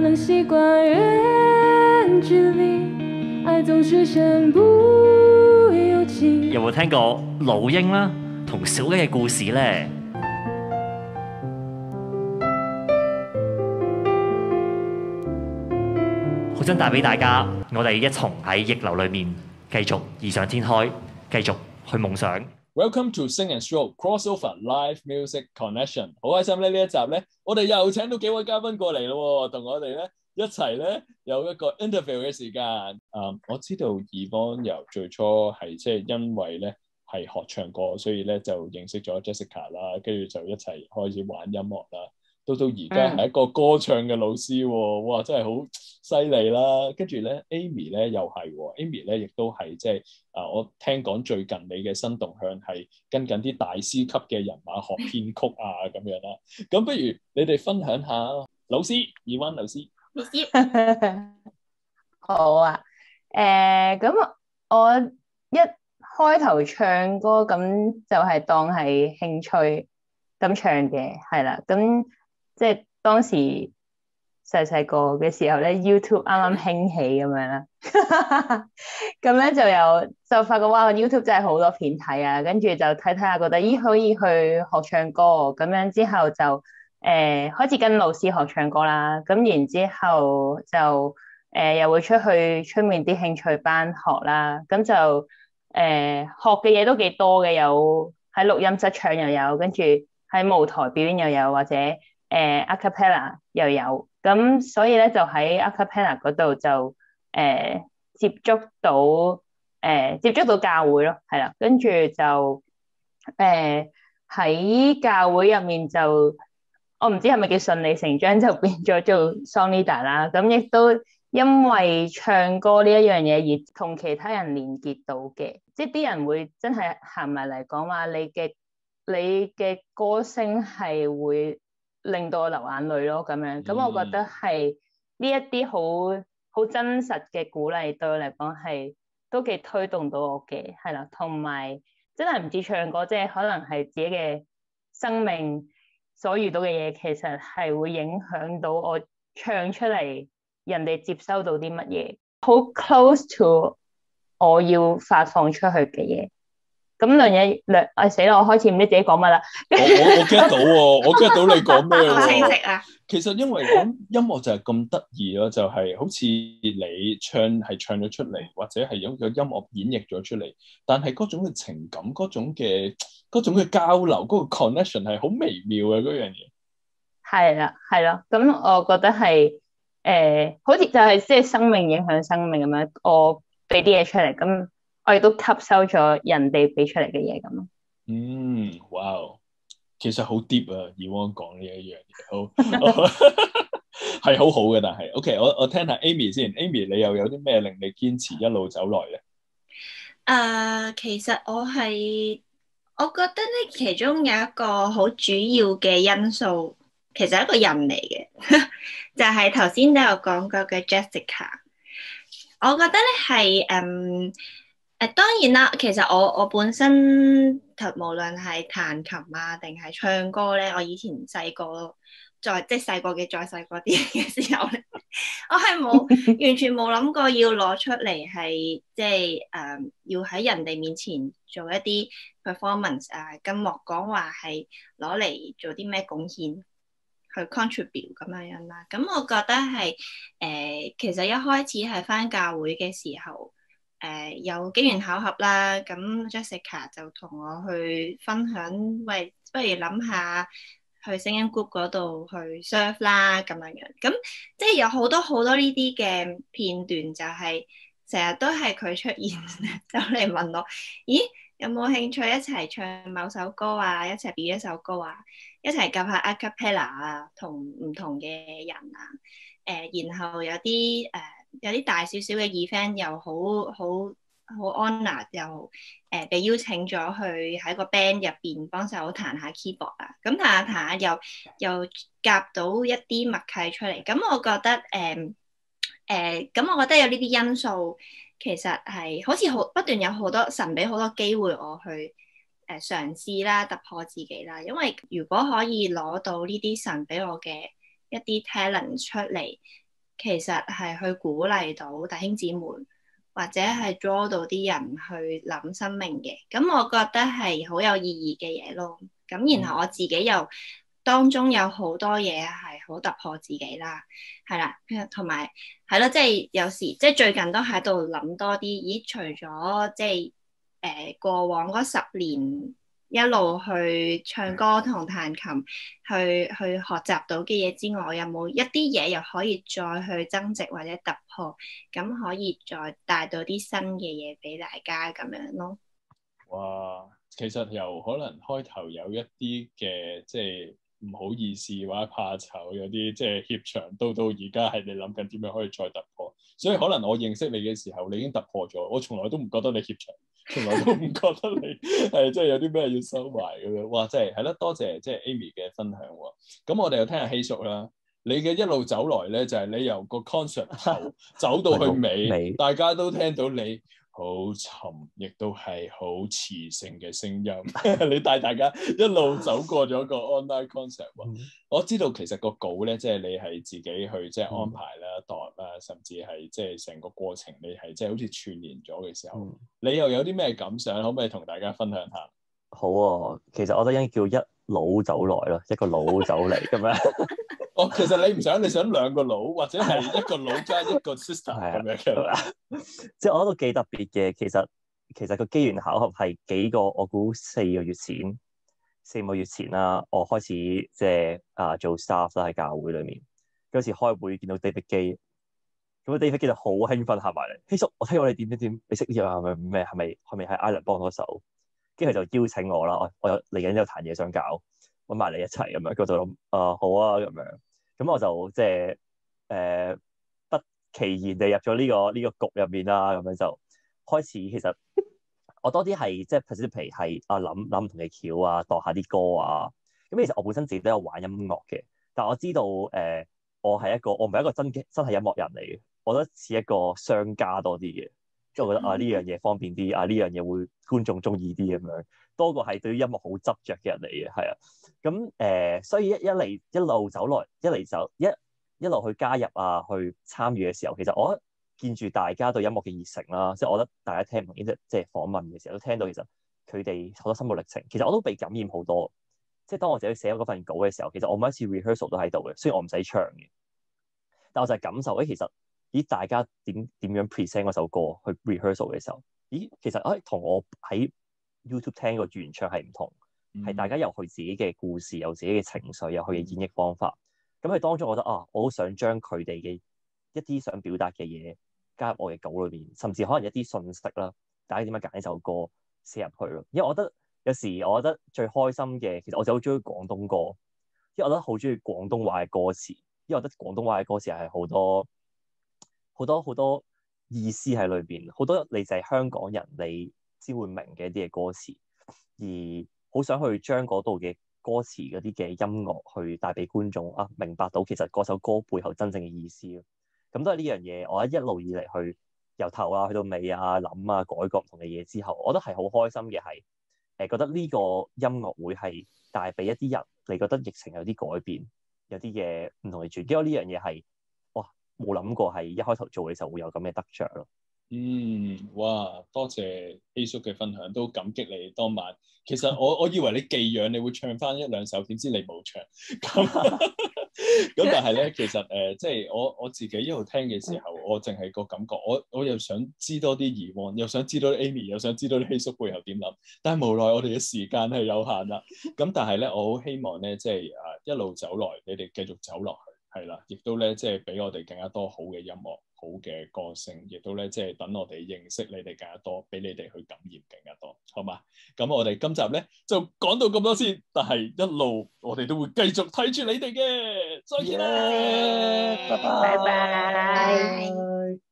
能習慣遠距離，愛總是身不由己，有冇聽過老鷹啦同小雞嘅故事咧？ 好想帶俾大家，我哋一同喺疫流裏面繼續異想天開，繼續去夢想。Welcome to Sing and Stroll Crossover Life Music Connection。好開心咧，呢一集咧，我哋又請到幾位嘉賓過嚟咯，同我哋咧一齊咧有一個 interview 嘅時間。啊，um，我知道 Yvonne 由最初係即係因為咧係學唱歌，所以咧就認識咗 Jessica 啦，跟住就一齊開始玩音樂啦。到到而家係一個歌唱嘅老師、哦，哇！真係好犀利啦。跟住咧，Amy 咧又係、哦、Amy 咧亦都係即係啊！我聽講最近你嘅新動向係跟緊啲大師級嘅人馬、啊、學編曲啊，咁樣啦。咁不如你哋分享下，老師，Yvonne 老師， 好啊。誒、呃，咁我一開頭唱歌咁就係當係興趣咁唱嘅，係啦，咁。即係當時細細個嘅時候咧，YouTube 啱啱興起咁樣啦，咁 咧就有就發覺哇，YouTube 真係好多片睇啊。跟住就睇睇下，覺得咦可以去學唱歌咁樣。之後就誒、呃、開始跟老師學唱歌啦。咁然之後就誒、呃、又會出去出面啲興趣班學啦。咁就誒、呃、學嘅嘢，都幾多嘅，有喺錄音室唱又有，跟住喺舞台表演，又有或者。誒、uh,，acapella 又有，咁所以咧就喺 acapella 嗰度就誒、uh, 接觸到誒、uh, 接觸到教會咯，係、uh, 啦，跟住就誒喺教會入面就我唔知係咪叫順理成章就變咗做 s o n i i a 啦，咁亦都因為唱歌呢一樣嘢而同其他人連結到嘅，即係啲人會真係行埋嚟講話你嘅你嘅歌聲係會。令到我流眼淚咯，咁樣，咁我覺得係呢一啲好好真實嘅鼓勵對我嚟講係都幾推動到我嘅，係啦。同埋真係唔止唱歌，即係可能係自己嘅生命所遇到嘅嘢，其實係會影響到我唱出嚟，人哋接收到啲乜嘢，好 close to 我要發放出去嘅嘢。咁兩嘢兩，哎、啊、死啦！我開始唔知自己講乜啦。我我我 get 到喎，我 get 到 你講咩啦。 其實因為講音樂就係咁得意咯，就係、是、好似你唱係唱咗出嚟，或者係有個音樂演繹咗出嚟，但係嗰種嘅情感、嗰種嘅、種嘅交流、嗰、那個 connection 係好微妙嘅嗰樣嘢。係啦，係咯，咁我覺得係誒、呃，好似就係即係生命影響生命咁樣，我俾啲嘢出嚟咁。我亦都吸收咗人哋俾出嚟嘅嘢咁咯。嗯，哇、哦，其實好 deep 啊！Yvonne 講呢一樣嘢， 好係好好嘅，但係，OK，我我聽下 Amy 先，Amy 你又有啲咩令你堅持一路走來咧？誒、呃，其實我係，我覺得咧，其中有一個好主要嘅因素，其實係一個人嚟嘅，就係頭先都有講過嘅 Jessica。我覺得咧係，嗯。誒，當然啦，其實我我本身，無論係彈琴啊，定係唱歌咧，我以前細個，再，即係細個嘅再細個啲嘅時候咧， 我係冇完全冇諗過要攞出嚟，係即係誒、呃，要喺人哋面前做一啲 performance 啊，跟莫講話係攞嚟做啲咩貢獻去 contribute 咁樣樣啦、啊。咁我覺得係誒、呃，其實一開始係翻教會嘅時候。誒，uh, 有機緣巧合啦，咁 Jessica 就同我去分享，喂，不如諗下去聲音 group 嗰度去 serve 啦，咁樣樣，咁即係有好多好多呢啲嘅片段，就是，就係成日都係佢出現，就 嚟問我，咦，有冇興趣一齊唱某首歌啊，一齊編一首歌啊，一齊夾下 acapella 啊，a ca 啊同唔同嘅人啊，誒、uh, 然後有啲誒。Uh, 有啲大少少嘅 event 又好好好 honour，又誒、呃、被邀請咗去喺個 band 入邊幫手彈下 keyboard 啊、嗯，咁彈下彈下又又夾到一啲默契出嚟，咁、嗯、我覺得誒、哎、誒，咁、呃嗯嗯、我覺得有呢啲因素其實係好似好不斷有好多神俾好多機會我去誒嘗試啦，突破自己啦。因為如果可以攞到呢啲神俾我嘅一啲 talent 出嚟。其實係去鼓勵到弟兄姊妹，或者係 draw 到啲人去諗生命嘅，咁我覺得係好有意義嘅嘢咯。咁然後我自己又當中有好多嘢係好突破自己啦，係啦，同埋係咯，即係、就是、有時即係、就是、最近都喺度諗多啲，咦？除咗即係誒過往嗰十年。一路去唱歌同彈琴，去去學習到嘅嘢之外，有冇一啲嘢又可以再去增值或者突破，咁可以再帶到啲新嘅嘢俾大家咁樣咯？哇，其實由可能開頭有一啲嘅即係唔好意思或者怕醜，有啲即係怯場，到到而家係你諗緊點樣可以再突破，所以可能我認識你嘅時候，你已經突破咗，我從來都唔覺得你怯場。從來都唔覺得你係真係有啲咩要收埋嘅。哇！真係係啦，多謝即係 Amy 嘅分享喎。咁我哋又聽下曦叔啦，你嘅一路走來咧，就係你由個 concert 走走到去尾， 尾大家都聽到你，好沉，亦都係好磁性嘅聲音。 你帶大家一路走過咗個 online concert。嗯、我知道其實個稿咧，即、就、係、是、你係自己去即係安排啦、代、嗯、啦，甚至係即係成個過程，你係即係好似串聯咗嘅時候，嗯、你又有啲咩感想？可唔可以同大家分享下？好，啊，其實我都覺得應該叫一老走來咯，一個老走嚟咁樣。 我、oh, 其實你唔想，你想兩個佬，或者係一個佬加 一個，個 sister 咁 樣，係嘛？ 即係我覺得幾特別嘅。其實其實個機緣巧合係幾個，我估四個月前，四個月前啦，我開始即係啊做 staff 啦喺教會裡面。嗰時開會見到 David 基，咁 David 基就好興奮合埋嚟，曦、hey，叔，我睇我哋點點點，你識呢樣係咪咩？係咪係咪係 Alan 幫我手？跟住就邀請我啦。我有嚟緊有嘢想搞，揾埋你一齊咁樣。佢就諗、呃呃呃、啊好啊咁樣。啊啊啊啊啊啊啊咁我就即係誒不其然地入咗呢個呢個局入面啦，咁樣就開始，其實我多啲係即係，譬如係啊諗諗唔同嘅橋啊，度下啲歌啊。咁其實我本身自己都有玩音樂嘅，但我知道誒、呃，我係一個我唔係一個真真係音樂人嚟嘅，我覺得似一個商家多啲嘅。即我覺得啊呢樣嘢方便啲，啊呢樣嘢會觀眾中意啲咁樣，多過係對於音樂好執着嘅人嚟嘅，係啊。咁誒、呃，所以一一嚟一路走來，一嚟就一一路去加入啊，去參與嘅時候，其實我見住大家對音樂嘅熱誠啦。即係我覺得大家聽唔見即即訪問嘅時候都聽到，其實佢哋好多心路歷程。其實我都被感染好多。即係當我自己寫嗰份稿嘅時候，其實我每一次 rehearsal 都喺度嘅，雖然我唔使唱嘅，但我就係感受咧，其實。咦，大家點點樣 present 嗰首歌去 rehearsal 嘅時候，咦，其實誒同、啊、我喺 YouTube 聽個原唱係唔同，係、嗯、大家有佢自己嘅故事、有自己嘅情緒、有佢嘅演繹方法。咁喺、嗯、當中我覺得啊，我好想將佢哋嘅一啲想表達嘅嘢加入我嘅稿裏邊，甚至可能一啲信息啦。大家點樣揀呢首歌寫入去咯？因為我覺得有時我覺得最開心嘅，其實我就好中意廣東歌，因為我覺得好中意廣東話嘅歌詞，因為我覺得廣東話嘅歌詞係好多。好多好多意思喺裏邊，好多你就係香港人你先會明嘅一啲嘅歌詞，而好想去將嗰度嘅歌詞嗰啲嘅音樂去帶俾觀眾啊，明白到其實嗰首歌背後真正嘅意思咯。咁都係呢樣嘢，我一路以嚟去由頭啊去到尾啊諗啊改過唔同嘅嘢之後，我都係好開心嘅係誒，覺得呢個音樂會係帶俾一啲人，你覺得疫情有啲改變，有啲嘢唔同嘅轉，因為呢樣嘢係。冇諗過係一開頭做嘅時候會有咁嘅得着咯。嗯，哇，多謝曦叔嘅分享，都感激你當晚。其實我我以為你寄養，你會唱翻一兩首，點知你冇唱。咁咁 但係咧，其實誒、呃，即係我我自己一路聽嘅時候，我淨係個感覺，我我又想知多啲 Yvonne，又想知道 Amy，又想知道曦叔背後點諗。但係無奈我哋嘅時間係有限啦。咁但係咧，我好希望咧，即係啊，一路走來，你哋繼續走落去。係啦，亦都咧，即係俾我哋更加多好嘅音樂，好嘅歌聲，亦都咧，即係等我哋認識你哋更加多，俾你哋去感染更加多，好嘛？咁我哋今集咧就講到咁多先，但係一路我哋都會繼續睇住你哋嘅。再見啦，拜拜。